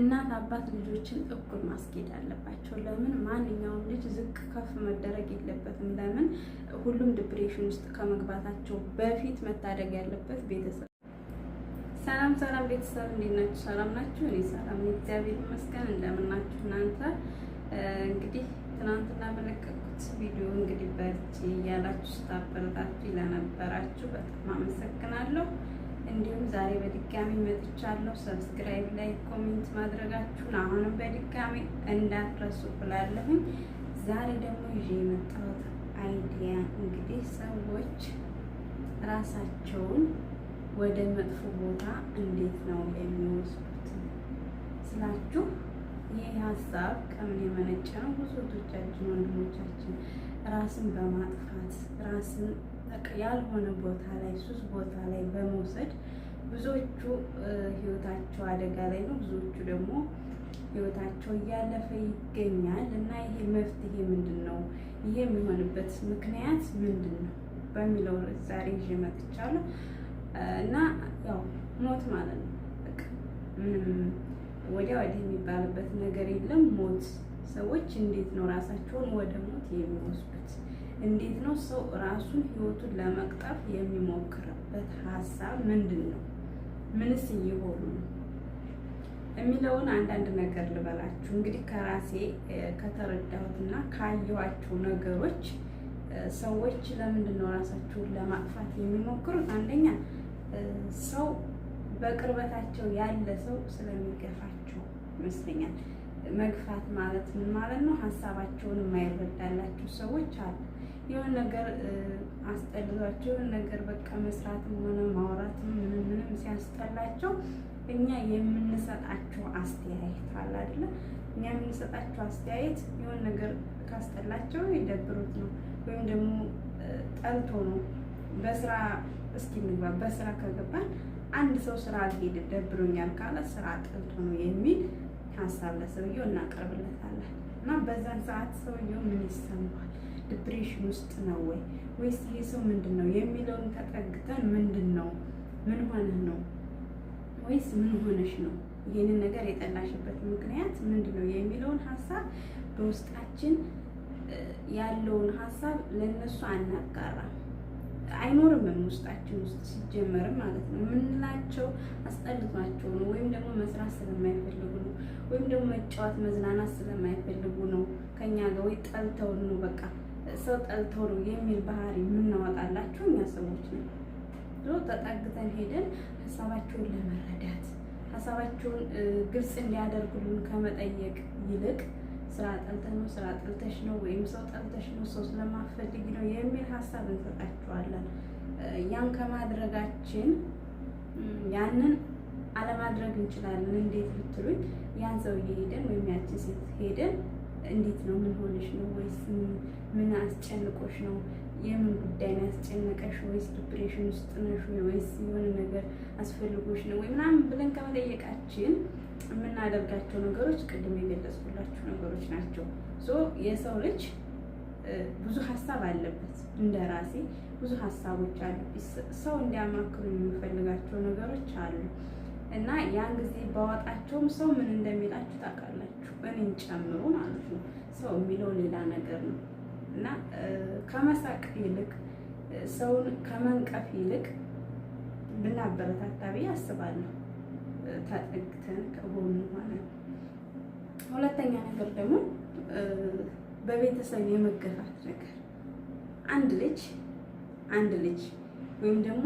እናት አባት ልጆችን እኩል ማስኬድ አለባቸው። ለምን ማንኛውም ልጅ ዝቅ ከፍ መደረግ የለበትም። ለምን ሁሉም ዲፕሬሽን ውስጥ ከመግባታቸው በፊት መታደግ ያለበት ቤተሰብ። ሰላም ሰላም ቤተሰብ፣ እንዴት ናችሁ? ሰላም ናችሁ? እኔ ሰላም እግዚአብሔር ይመስገን። እንደምናችሁ እናንተ? እንግዲህ ትናንትና በለቀኩት ቪዲዮ እንግዲህ በርቺ እያላችሁ ስታበረታችሁ ለነበራችሁ በጣም አመሰግናለሁ። እንዲሁም ዛሬ በድጋሚ መጥቻለሁ። ሰብስክራይብ ላይ ኮሜንት ማድረጋችሁን አሁንም በድጋሚ እንዳትረሱ ብላለሁኝ። ዛሬ ደግሞ ይዤ የመጣሁት አይዲያ እንግዲህ ሰዎች ራሳቸውን ወደ መጥፎ ቦታ እንዴት ነው የሚወስዱት ስላችሁ ይህ ሀሳብ ከምን የመነጨ ነው? ብዙዎቻችን ወንድሞቻችን ራስን በማጥፋት ራስን በቃ ያልሆነ ቦታ ላይ ሱስ ቦታ ላይ በመውሰድ ብዙዎቹ ህይወታቸው አደጋ ላይ ነው። ብዙዎቹ ደግሞ ህይወታቸው እያለፈ ይገኛል። እና ይሄ መፍትሄ ምንድን ነው? ይሄ የሚሆንበት ምክንያት ምንድን ነው በሚለው ዛሬ ይዤ መጥቻለሁ። እና ያው ሞት ማለት ነው በቃ ምንም ወዲያ ወዲህ የሚባልበት ነገር የለም ሞት ሰዎች እንዴት ነው ራሳቸውን ወደ ሞት የሚወስዱት? እንዴት ነው ሰው ራሱን ህይወቱን ለመቅጠፍ የሚሞክርበት ሀሳብ ምንድን ነው? ምንስ እየሆኑ ነው የሚለውን አንዳንድ ነገር ልበላችሁ። እንግዲህ ከራሴ ከተረዳሁትና ካየኋቸው ነገሮች ሰዎች ለምንድን ነው ራሳቸውን ለማጥፋት የሚሞክሩት? አንደኛ ሰው በቅርበታቸው ያለ ሰው ስለሚገፋቸው ይመስለኛል። መግፋት ማለት ምን ማለት ነው? ሀሳባቸውን የማይረዳላቸው ሰዎች አሉ። የሆነ ነገር አስጠልሏቸው የሆነ ነገር በቃ መስራትም ሆነ ማውራትም ምንም ምንም ሲያስጠላቸው እኛ የምንሰጣቸው አስተያየት አለ አይደለ? እኛ የምንሰጣቸው አስተያየት የሆነ ነገር ካስጠላቸው የደብሩት ነው ወይም ደግሞ ጠልቶ ነው። በስራ እስኪ እንግባ፣ በስራ ከገባን አንድ ሰው ስራ አልሄድ ደብሮኛል ካለ ስራ ጠልቶ ነው የሚል ሀሳብ ለሰውየው እናቀርብለታለን እና በዛን ሰዓት ሰውየው ምን ይሰማል? ዲፕሬሽን ውስጥ ነው ወይ ወይስ ይሄ ሰው ምንድን ነው የሚለውን ተጠግተን ምንድን ነው ምን ሆነህ ነው ወይስ ምን ሆነሽ ነው ይህንን ነገር የጠላሽበት ምክንያት ምንድን ነው የሚለውን ሀሳብ በውስጣችን ያለውን ሀሳብ ለእነሱ አናጋራም። አይኖርምም ውስጣችን ውስጥ ሲጀመርም ማለት ነው የምንላቸው አስጠልቷቸው ነው፣ ወይም ደግሞ መስራት ስለማይፈልጉ ነው፣ ወይም ደግሞ መጫወት መዝናናት ስለማይፈልጉ ነው። ከኛ ጋር ወይ ጠልተው ነው በቃ ሰው ጠልተው ነው የሚል ባህሪ የምናወጣላቸው እኛ ሰዎች ነው። ብሎ ተጠግተን ሄደን ሀሳባቸውን ለመረዳት ሀሳባቸውን ግልጽ እንዲያደርጉልን ከመጠየቅ ይልቅ ስራ ጠልተን ነው፣ ስራ ጠልተሽ ነው፣ ወይም ሰው ጠልተሽ ነው፣ ሰው ስለማፈልግ ነው የሚል ሀሳብ እንሰጣቸዋለን። ያን ከማድረጋችን ያንን አለማድረግ እንችላለን። እንዴት ብትሉኝ ያን ሰውዬ ሄደን ወይም ያችን ሴት ሄደን እንዴት ነው ምን ሆነሽ ነው ወይስ ምን አስጨንቆሽ ነው የምን ጉዳይ ነው ያስጨነቀሽ? ወይስ ዲፕሬሽን ውስጥ ነሽ? ወይስ የሆነ ነገር አስፈልጎሽ ነው ወይ ምናምን ብለን ከመጠየቃችን የምናደርጋቸው ነገሮች ቅድም የገለጽኩላችሁ ነገሮች ናቸው። ሶ የሰው ልጅ ብዙ ሀሳብ አለበት። እንደ ራሴ ብዙ ሀሳቦች አሉ። ሰው እንዲያማክሩ የሚፈልጋቸው ነገሮች አሉ እና ያን ጊዜ ባወጣቸውም ሰው ምን እንደሚላችሁ ታውቃላችሁ፣ እኔን ጨምሮ ማለት ነው። ሰው የሚለው ሌላ ነገር ነው። እና ከመሳቅ ይልቅ ሰውን ከመንቀፍ ይልቅ ብናበረታታ ብዬ አስባለሁ። ተጠግተን ከጎኑ ሆነን ሁለተኛ ነገር ደግሞ በቤተሰብ የመገፋት ነገር አንድ ልጅ አንድ ልጅ ወይም ደግሞ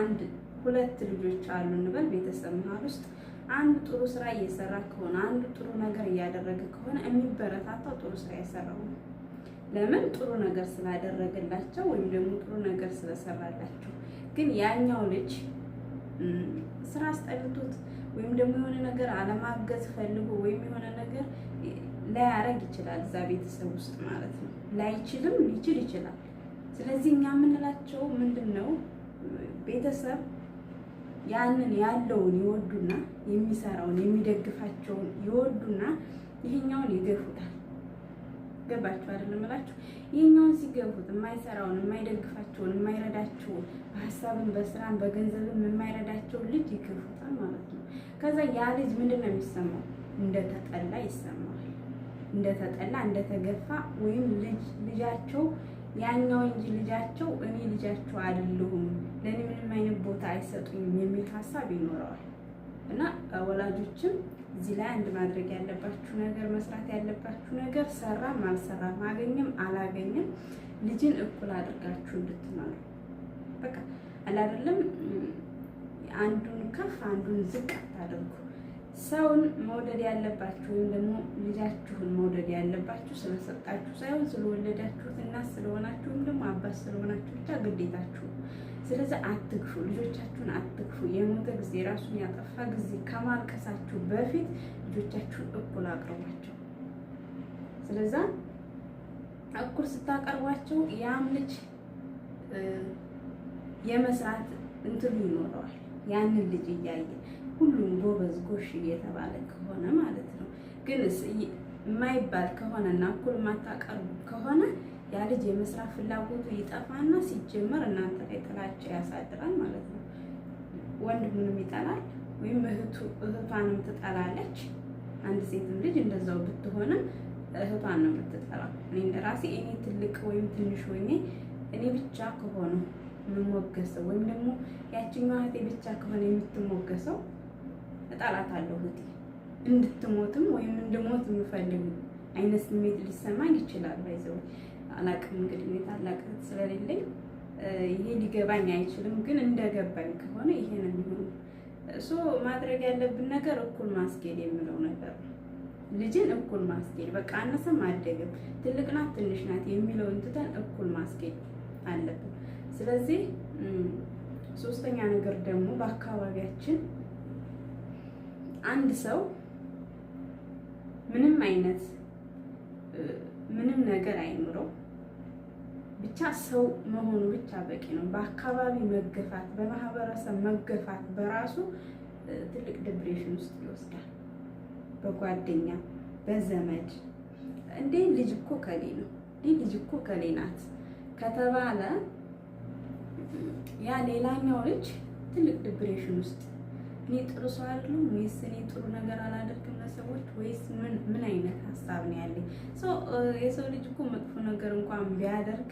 አንድ ሁለት ልጆች አሉ እንበል ቤተሰብ መሀል ውስጥ አንዱ ጥሩ ስራ እየሰራ ከሆነ አንዱ ጥሩ ነገር እያደረገ ከሆነ የሚበረታታው ጥሩ ስራ የሰራው ነው። ለምን ጥሩ ነገር ስላደረገላቸው ወይም ደግሞ ጥሩ ነገር ስለሰራላቸው። ግን ያኛው ልጅ ስራ አስጠልቶት ወይም ደግሞ የሆነ ነገር አለማገዝ ፈልጎ ወይም የሆነ ነገር ላያረግ ይችላል፣ እዛ ቤተሰብ ውስጥ ማለት ነው። ላይችልም ሊችል ይችላል። ስለዚህ እኛ የምንላቸው ምንድን ነው ቤተሰብ ያንን ያለውን ይወዱና የሚሰራውን የሚደግፋቸውን ይወዱና ይህኛውን ይገፉታል። ገባችሁ አይደለም እላችሁ። ይህኛውን ሲገፉት የማይሰራውን የማይደግፋቸውን የማይረዳቸውን በሀሳብን በስራን በገንዘብም የማይረዳቸው ልጅ ይገፉታል ማለት ነው። ከዛ ያ ልጅ ምንድን ነው የሚሰማው? እንደተጠላ ይሰማል። እንደተጠላ እንደተገፋ፣ ወይም ልጅ ልጃቸው ያኛው እንጂ ልጃቸው እኔ ልጃቸው አይደለሁም ለእኔ ምንም አይነት ቦታ አይሰጡኝም የሚል ሀሳብ ይኖረዋል እና ወላጆችም እዚህ ላይ አንድ ማድረግ ያለባችሁ ነገር መስራት ያለባችሁ ነገር ሰራም አልሰራም አገኘም አላገኘም ልጅን እኩል አድርጋችሁ እንድትመሩ በቃ አላደለም። አንዱን ከፍ አንዱን ዝቅ አታደርጉ። ሰውን መውደድ ያለባችሁ ወይም ደግሞ ልጃችሁን መውደድ ያለባችሁ ስለሰጣችሁ ሳይሆን ስለወለዳችሁት እና ወይም ደግሞ አባት ስለሆናችሁ ብቻ ግዴታችሁ ስለዚህ አትግፉ፣ ልጆቻችሁን አትግፉ። የሞተ ጊዜ ራሱን ያጠፋ ጊዜ ከማልቀሳችሁ በፊት ልጆቻችሁን እኩል አቅርቧቸው። ስለዛ እኩል ስታቀርቧቸው ያም ልጅ የመስራት እንትኑ ይኖረዋል። ያንን ልጅ እያየ ሁሉም ጎበዝ ጎሽ እየተባለ ከሆነ ማለት ነው። ግን የማይባል እና እኩል ማታቀርቡ ከሆነ ያ ልጅ የመስራት ፍላጎቱ ይጠፋና ሲጀመር እናንተ ላይ ጥላቻ ያሳድራል ማለት ነው። ወንድሙንም ይጠላል ወይም እህቷንም ትጠላለች። አንድ ሴትም ልጅ እንደዛው ብትሆንም እህቷን ነው የምትጠላው። እኔ እንደራሴ እኔ ትልቅ ወይም ትንሽ ሆኜ እኔ ብቻ ከሆነ የምሞገሰው ወይም ደግሞ ያችኛዋ እህቴ ብቻ ከሆነ የምትሞገሰው እጠላታለሁ። እህቴ እንድትሞትም ወይም እንድሞት የምፈልግ አይነት ስሜት ሊሰማኝ ይችላል። ባይዘው አላቅም እንግዲህ እኔ ታላቅ እህት ስለሌለኝ ይሄ ሊገባኝ አይችልም። ግን እንደገባኝ ከሆነ ይሄ ነው የሚሆነው። እሱ ማድረግ ያለብን ነገር እኩል ማስኬድ የምለው ነገር ልጅን እኩል ማስኬድ በቃ አነሰም አደግም ትልቅ ናት ትንሽ ናት የሚለውን ትተን እኩል ማስኬድ አለብን። ስለዚህ ሶስተኛ ነገር ደግሞ በአካባቢያችን አንድ ሰው ምንም አይነት ነገር አይኑረው ብቻ ሰው መሆኑ ብቻ በቂ ነው። በአካባቢ መገፋት፣ በማህበረሰብ መገፋት በራሱ ትልቅ ዲፕሬሽን ውስጥ ይወስዳል። በጓደኛ በዘመድ እንዴ ልጅ እኮ ከሌ ነው እንዴ ልጅ እኮ ከሌ ናት ከተባለ ያ ሌላኛው ልጅ ትልቅ ዲፕሬሽን ውስጥ እኔ ጥሩ ሰው አይደለሁም ወይስ እኔ ጥሩ ነገር አላደርግም ለሰዎች ወይስ ምን ምን አይነት ሀሳብ ነው ያለኝ? የሰው ልጅ እኮ መጥፎ ነገር እንኳን ቢያደርግ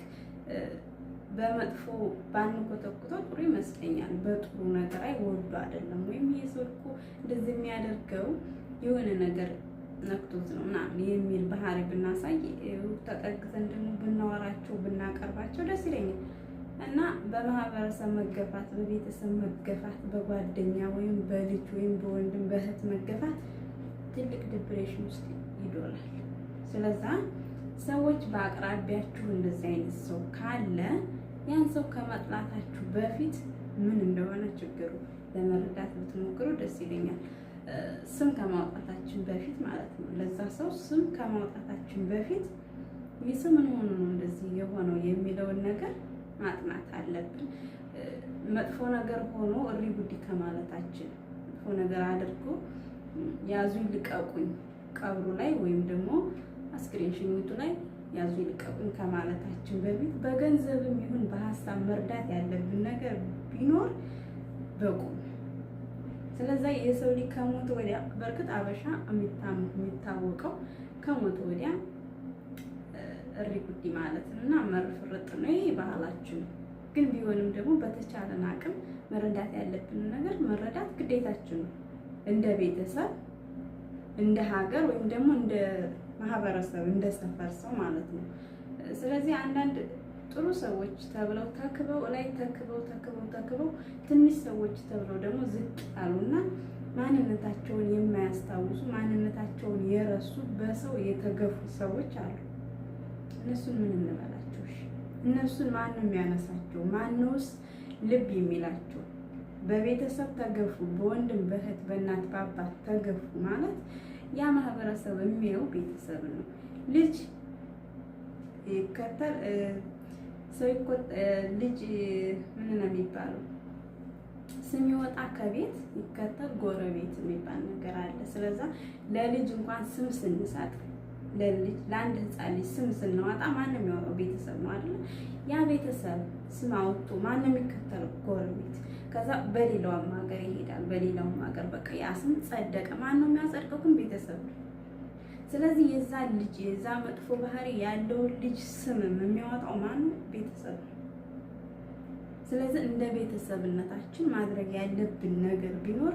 በመጥፎ ባንኮተኩተው ጥሩ ይመስለኛል። በጥሩ ነገር አይ ወዱ አይደለም ወይም ይሄ ሰው እኮ እንደዚህ የሚያደርገው የሆነ ነገር ነክቶት ነው ምናምን የሚል ባህሪ ብናሳይ ተጠግዘን ደግሞ ብናወራቸው ብናቀርባቸው ደስ ይለኛል። እና በማህበረሰብ መገፋት፣ በቤተሰብ መገፋት፣ በጓደኛ ወይም በልጅ ወይም በወንድም በእህት መገፋት ትልቅ ዲፕሬሽን ውስጥ ይዶላል። ስለዛ ሰዎች በአቅራቢያችሁ እንደዚህ አይነት ሰው ካለ ያን ሰው ከመጥላታችሁ በፊት ምን እንደሆነ ችግሩ ለመረዳት ብትሞክሩ ደስ ይለኛል። ስም ከማውጣታችን በፊት ማለት ነው። ለዛ ሰው ስም ከማውጣታችን በፊት የስምን ሆኖ ነው እንደዚህ የሆነው የሚለውን ነገር ማጥናት አለብን። መጥፎ ነገር ሆኖ እሪ ጉዲ ከማለታችን መጥፎ ነገር አድርጎ ያዙኝ ልቀቁኝ ቀብሩ ላይ ወይም ደግሞ አስክሬን ሽኝቱ ላይ ያዙ ይልቀቁኝ ከማለታችን በፊት በገንዘብም ይሁን በሀሳብ መርዳት ያለብን ነገር ቢኖር በቁም። ስለዛ የሰው ልጅ ከሞት ወዲያ በእርግጥ አበሻ የሚታወቀው ከሞት ወዲያ እሪ ጉዲ ማለት እና መርፍርጥ ነው ይሄ ባህላችን። ግን ቢሆንም ደግሞ በተቻለን አቅም መረዳት ያለብን ነገር መረዳት ግዴታችን ነው እንደ ቤተሰብ እንደ ሀገር ወይም ደግሞ እንደ ማህበረሰብ እንደ ሰፈር ሰው ማለት ነው። ስለዚህ አንዳንድ ጥሩ ሰዎች ተብለው ተክበው ላይ ተክበው ተክበው ተክበው ትንሽ ሰዎች ተብለው ደግሞ ዝቅ ያሉና ማንነታቸውን የማያስታውሱ ማንነታቸውን የረሱ በሰው የተገፉ ሰዎች አሉ። እነሱን ምን እንበላቸው? እነሱን ማን ነው የሚያነሳቸው? ማነውስ ልብ የሚላቸው? በቤተሰብ ተገፉ፣ በወንድም በእህት በእናት በአባት ተገፉ ማለት ያ ማህበረሰብ የሚለው ቤተሰብ ነው። ልጅ ይከተል ሰው ልጅ ምን ነው የሚባለው? ስሚወጣ ከቤት ይከተል ጎረቤት የሚባል ነገር አለ። ስለዛ ለልጅ እንኳን ስም ስንሰጥ ለልጅ ለአንድ ህፃን ልጅ ስም ስናወጣ ማንም የሚያወጣው ቤተሰብ ነው አይደል? ያ ቤተሰብ ስም አውጥቶ ማንም የሚከተለው ጎረቤት፣ ከዛ በሌላውም ሀገር ይሄዳል። በሌላውም ሀገር በቃ ያ ስም ጸደቀ። ማነው የሚያጸድቀው? ግን ቤተሰብ ነው። ስለዚህ የዛ ልጅ የዛ መጥፎ ባህሪ ያለውን ልጅ ስምም የሚያወጣው ማነው? ቤተሰብ ስለዚህ እንደ ቤተሰብነታችን ማድረግ ያለብን ነገር ቢኖር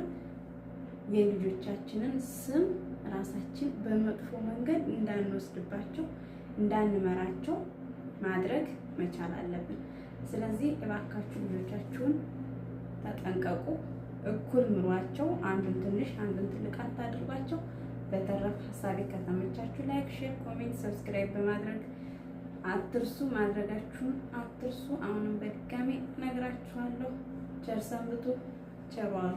የልጆቻችንን ስም ራሳችን በመጥፎ መንገድ እንዳንወስድባቸው እንዳንመራቸው ማድረግ መቻል አለብን። ስለዚህ እባካችሁ ልጆቻችሁን ተጠንቀቁ። እኩል ምሯቸው። አንዱን ትንሽ አንዱን ትልቅ አታድርጓቸው። በተረፍ ሀሳቤ ከተመቻችሁ ላይክ፣ ሼር፣ ኮሜንት፣ ሰብስክራይብ በማድረግ አትርሱ። ማድረጋችሁን አትርሱ። አሁንም በድጋሚ ነግራችኋለሁ። ቸር ሰንብቱ። ቸር ዋሉ።